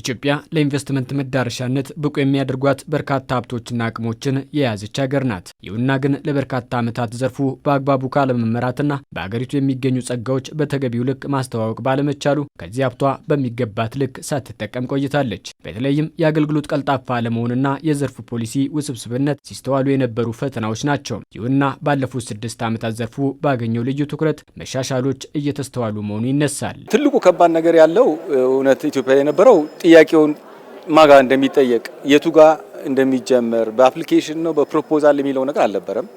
ኢትዮጵያ ለኢንቨስትመንት መዳረሻነት ብቁ የሚያደርጓት በርካታ ሀብቶችና አቅሞችን የያዘች ሀገር ናት። ይሁንና ግን ለበርካታ ዓመታት ዘርፉ በአግባቡ ካለመመራትና በአገሪቱ የሚገኙ ጸጋዎች በተገቢው ልክ ማስተዋወቅ ባለመቻሉ ከዚህ ሀብቷ በሚገባት ልክ ሳትጠቀም ቆይታለች። በተለይም የአገልግሎት ቀልጣፋ አለመሆንና የዘርፉ ፖሊሲ ውስብስብነት ሲስተዋሉ የነበሩ ፈተናዎች ናቸው። ይሁንና ባለፉት ስድስት ዓመታት ዘርፉ ባገኘው ልዩ ትኩረት መሻሻሎች እየተስተዋሉ መሆኑ ይነሳል። ትልቁ ከባድ ነገር ያለው እውነት ኢትዮጵያ የነበረው ጥያቄውን ማጋ እንደሚጠየቅ የቱ ጋ እንደሚጀመር በአፕሊኬሽን ነው በፕሮፖዛል የሚለው ነገር አልነበረም።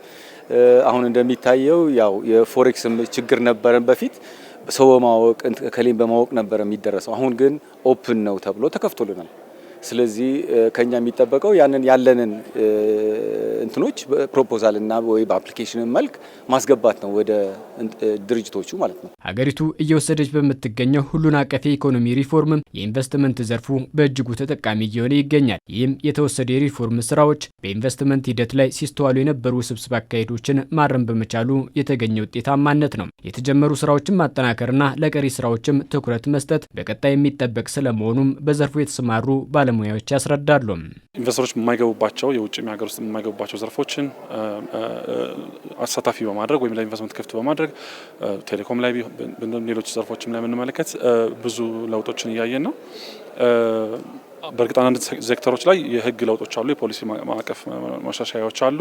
አሁን እንደሚታየው ያው የፎሬክስም ችግር ነበረን በፊት ሰው በማወቅ ከሌን በማወቅ ነበር የሚደረሰው። አሁን ግን ኦፕን ነው ተብሎ ተከፍቶልናል። ስለዚህ ከኛ የሚጠበቀው ያንን ያለንን እንትኖች በፕሮፖዛልና ወይ በአፕሊኬሽን መልክ ማስገባት ነው ወደ ድርጅቶቹ ማለት ነው። ሀገሪቱ እየወሰደች በምትገኘው ሁሉን አቀፍ የኢኮኖሚ ሪፎርምም የኢንቨስትመንት ዘርፉ በእጅጉ ተጠቃሚ እየሆነ ይገኛል። ይህም የተወሰደ የሪፎርም ስራዎች በኢንቨስትመንት ሂደት ላይ ሲስተዋሉ የነበሩ ውስብስብ አካሄዶችን ማረም በመቻሉ የተገኘ ውጤታማነት ነው። የተጀመሩ ስራዎችን ማጠናከርና ለቀሪ ስራዎችም ትኩረት መስጠት በቀጣይ የሚጠበቅ ስለመሆኑም በዘርፉ የተሰማሩ ባለ ባለሙያዎች ያስረዳሉ። ኢንቨስተሮች የማይገቡባቸው የውጭ የሀገር ውስጥ የማይገቡባቸው ዘርፎችን አሳታፊ በማድረግ ወይም ለኢንቨስትመንት ክፍት በማድረግ ቴሌኮም ላይ ሌሎች ዘርፎችም ላይ የምንመለከት ብዙ ለውጦችን እያየን ነው። በእርግጥ አንዳንድ ሴክተሮች ላይ የህግ ለውጦች አሉ፣ የፖሊሲ ማዕቀፍ ማሻሻያዎች አሉ።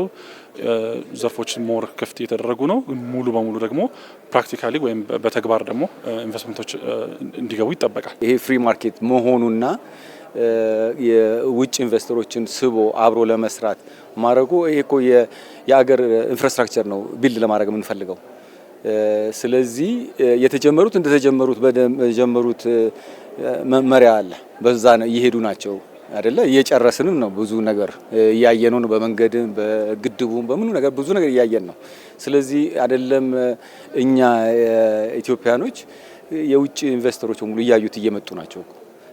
ዘርፎች ሞር ክፍት እየተደረጉ ነው። ሙሉ በሙሉ ደግሞ ፕራክቲካሊ ወይም በተግባር ደግሞ ኢንቨስትመንቶች እንዲገቡ ይጠበቃል። ይሄ ፍሪ ማርኬት መሆኑና የውጭ ኢንቨስተሮችን ስቦ አብሮ ለመስራት ማድረጉ ይሄ እኮ የአገር ኢንፍራስትራክቸር ነው ቢልድ ለማድረግ የምንፈልገው። ስለዚህ የተጀመሩት እንደተጀመሩት በጀመሩት መመሪያ አለ፣ በዛ ነው እየሄዱ ናቸው አይደለ? እየጨረስንም ነው ብዙ ነገር እያየን ነው። በመንገድም በግድቡም በምኑ ነገር ብዙ ነገር እያየን ነው። ስለዚህ አይደለም እኛ ኢትዮጵያኖች የውጭ ኢንቨስተሮች በሙሉ እያዩት እየመጡ ናቸው።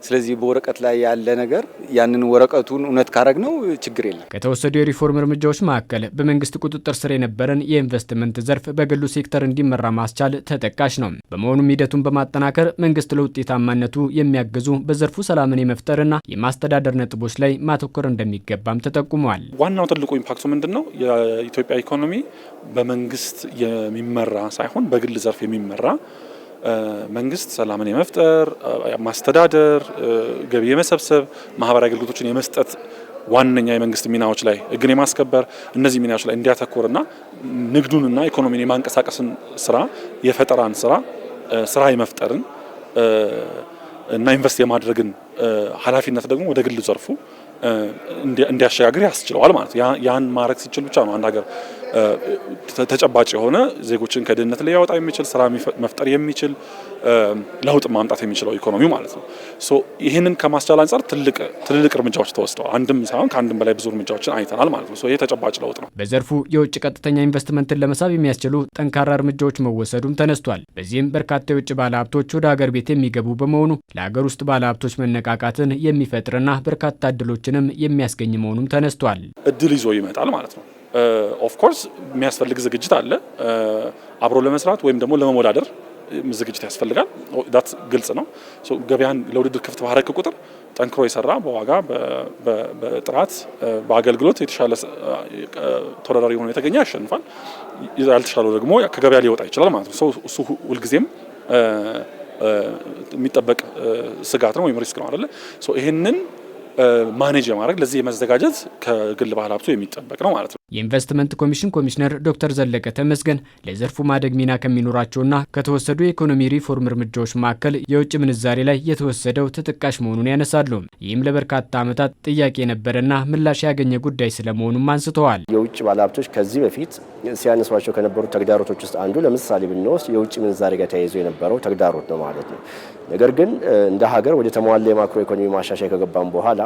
ስለዚህ በወረቀት ላይ ያለ ነገር ያንን ወረቀቱን እውነት ካረግ ነው ችግር የለም። ከተወሰዱ የሪፎርም እርምጃዎች መካከል በመንግስት ቁጥጥር ስር የነበረን የኢንቨስትመንት ዘርፍ በግሉ ሴክተር እንዲመራ ማስቻል ተጠቃሽ ነው። በመሆኑም ሂደቱን በማጠናከር መንግስት ለውጤታማነቱ የሚያግዙ በዘርፉ ሰላምን የመፍጠርና የማስተዳደር ነጥቦች ላይ ማተኮር እንደሚገባም ተጠቁመዋል። ዋናው ትልቁ ኢምፓክቱ ምንድን ነው? የኢትዮጵያ ኢኮኖሚ በመንግስት የሚመራ ሳይሆን በግል ዘርፍ የሚመራ መንግስት ሰላምን የመፍጠር ማስተዳደር፣ ገቢ የመሰብሰብ ማህበራዊ አገልግሎቶችን የመስጠት ዋነኛ የመንግስት ሚናዎች ላይ ህግን የማስከበር እነዚህ ሚናዎች ላይ እንዲያተኩርና ንግዱንና ኢኮኖሚን የማንቀሳቀስን ስራ የፈጠራን ስራ ስራ የመፍጠርን እና ኢንቨስት የማድረግን ኃላፊነት ደግሞ ወደ ግል ዘርፉ እንዲያሸጋግር ያስችለዋል ማለት ያን ማድረግ ሲችል ብቻ ነው አንድ ሀገር ተጨባጭ የሆነ ዜጎችን ከድህነት ላይ ያወጣ የሚችል ስራ መፍጠር የሚችል ለውጥ ማምጣት የሚችለው ኢኮኖሚው ማለት ነው። ሶ ይህንን ከማስቻል አንጻር ትልልቅ እርምጃዎች ተወስደዋል። አንድም ሳይሆን ከአንድም በላይ ብዙ እርምጃዎችን አይተናል ማለት ነው። ይህ ተጨባጭ ለውጥ ነው። በዘርፉ የውጭ ቀጥተኛ ኢንቨስትመንትን ለመሳብ የሚያስችሉ ጠንካራ እርምጃዎች መወሰዱም ተነስቷል። በዚህም በርካታ የውጭ ባለሀብቶች ወደ ሀገር ቤት የሚገቡ በመሆኑ ለሀገር ውስጥ ባለሀብቶች መነቃቃትን የሚፈጥርና በርካታ እድሎችንም የሚያስገኝ መሆኑም ተነስቷል። እድል ይዞ ይመጣል ማለት ነው። ኦፍኮርስ የሚያስፈልግ ዝግጅት አለ። አብሮ ለመስራት ወይም ደግሞ ለመወዳደር ዝግጅት ያስፈልጋል። ዳት ግልጽ ነው። ገበያን ለውድድር ክፍት ባረክ ቁጥር ጠንክሮ የሰራ በዋጋ በጥራት በአገልግሎት የተሻለ ተወዳዳሪ ሆኖ የተገኘ ያሸንፋል። ያልተሻለው ደግሞ ከገበያ ሊወጣ ይችላል ማለት ነው። እሱ ሁልጊዜም የሚጠበቅ ስጋት ነው ወይም ሪስክ ነው አይደለ? ይህንን ማኔጅ የማድረግ ለዚህ የመዘጋጀት ከግል ባህል ሀብቱ የሚጠበቅ ነው ማለት ነው። የኢንቨስትመንት ኮሚሽን ኮሚሽነር ዶክተር ዘለቀ ተመስገን ለዘርፉ ማደግ ሚና ከሚኖራቸውና ከተወሰዱ የኢኮኖሚ ሪፎርም እርምጃዎች መካከል የውጭ ምንዛሬ ላይ የተወሰደው ተጠቃሽ መሆኑን ያነሳሉ። ይህም ለበርካታ ዓመታት ጥያቄ የነበረና ምላሽ ያገኘ ጉዳይ ስለመሆኑም አንስተዋል። የውጭ ባለሀብቶች ከዚህ በፊት ሲያነሷቸው ከነበሩ ተግዳሮቶች ውስጥ አንዱ ለምሳሌ ብንወስድ የውጭ ምንዛሬ ጋር ተያይዞ የነበረው ተግዳሮት ነው ማለት ነው። ነገር ግን እንደ ሀገር ወደ ተሟላ የማክሮ ኢኮኖሚ ማሻሻያ ከገባን በኋላ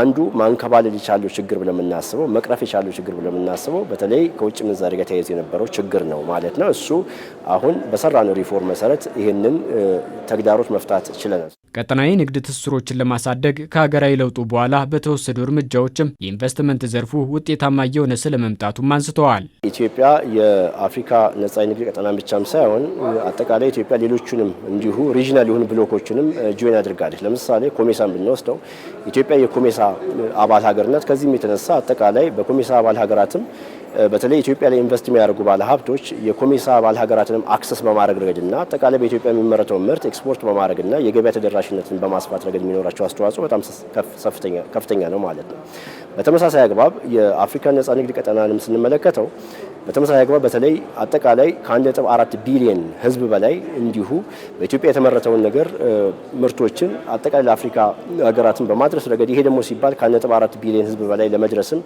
አንዱ ማንከባለል የቻለው ችግር ብለምናስበው መቅረፍ የቻለው ችግር ብለምናስበው በተለይ ከውጭ ምንዛሪ ጋር ተያይዞ የነበረው ችግር ነው ማለት ነው። እሱ አሁን በሰራነው ሪፎርም መሰረት ይህንን ተግዳሮት መፍታት ችለናል። ቀጠናዊ ንግድ ትስስሮችን ለማሳደግ ከሀገራዊ ለውጡ በኋላ በተወሰዱ እርምጃዎችም የኢንቨስትመንት ዘርፉ ውጤታማ እየሆነ ስለመምጣቱም አንስተዋል። ኢትዮጵያ የአፍሪካ ነጻ የንግድ ቀጠና ብቻም ሳይሆን አጠቃላይ ኢትዮጵያ ሌሎቹንም እንዲሁ ሪጂናል የሆኑ ብሎኮችንም ጆይን አድርጋለች። ለምሳሌ ኮሜሳን ብንወስደው ኢትዮጵያ የኮሜሳ አባል ሀገርነት ከዚህም የተነሳ አጠቃላይ በኮሜሳ አባል ሀገራትም በተለይ ኢትዮጵያ ላይ ኢንቨስት የሚያደርጉ ባለሀብቶች የኮሜሳ ባለ ሀገራትንም አክሰስ በማድረግ ረገድና አጠቃላይ በኢትዮጵያ የሚመረተውን ምርት ኤክስፖርት በማድረግና የገበያ ተደራሽነትን በማስፋት ረገድ የሚኖራቸው አስተዋጽኦ በጣም ከፍተኛ ነው ማለት ነው። በተመሳሳይ አግባብ የአፍሪካ ነጻ ንግድ ቀጠናንም ስንመለከተው በተመሳሳይ አግባብ በተለይ አጠቃላይ ከ1.4 ቢሊየን ህዝብ በላይ እንዲሁ በኢትዮጵያ የተመረተውን ነገር ምርቶችን አጠቃላይ ለአፍሪካ ሀገራትን በማድረስ ረገድ ይሄ ደግሞ ሲባል ከ1.4 ቢሊየን ህዝብ በላይ ለመድረስም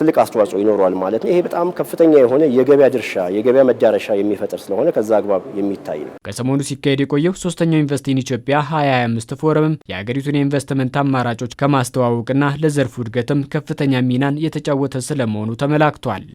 ትልቅ አስተዋጽኦ ይኖረዋል ማለት ነው። በጣም ከፍተኛ የሆነ የገበያ ድርሻ የገበያ መዳረሻ የሚፈጥር ስለሆነ ከዛ አግባብ የሚታይ ነው። ከሰሞኑ ሲካሄድ የቆየው ሶስተኛው ኢንቨስቲን ኢትዮጵያ 2025 ፎረምም የሀገሪቱን የኢንቨስትመንት አማራጮች ከማስተዋወቅና ለዘርፉ እድገትም ከፍተኛ ሚናን የተጫወተ ስለመሆኑ ተመላክቷል።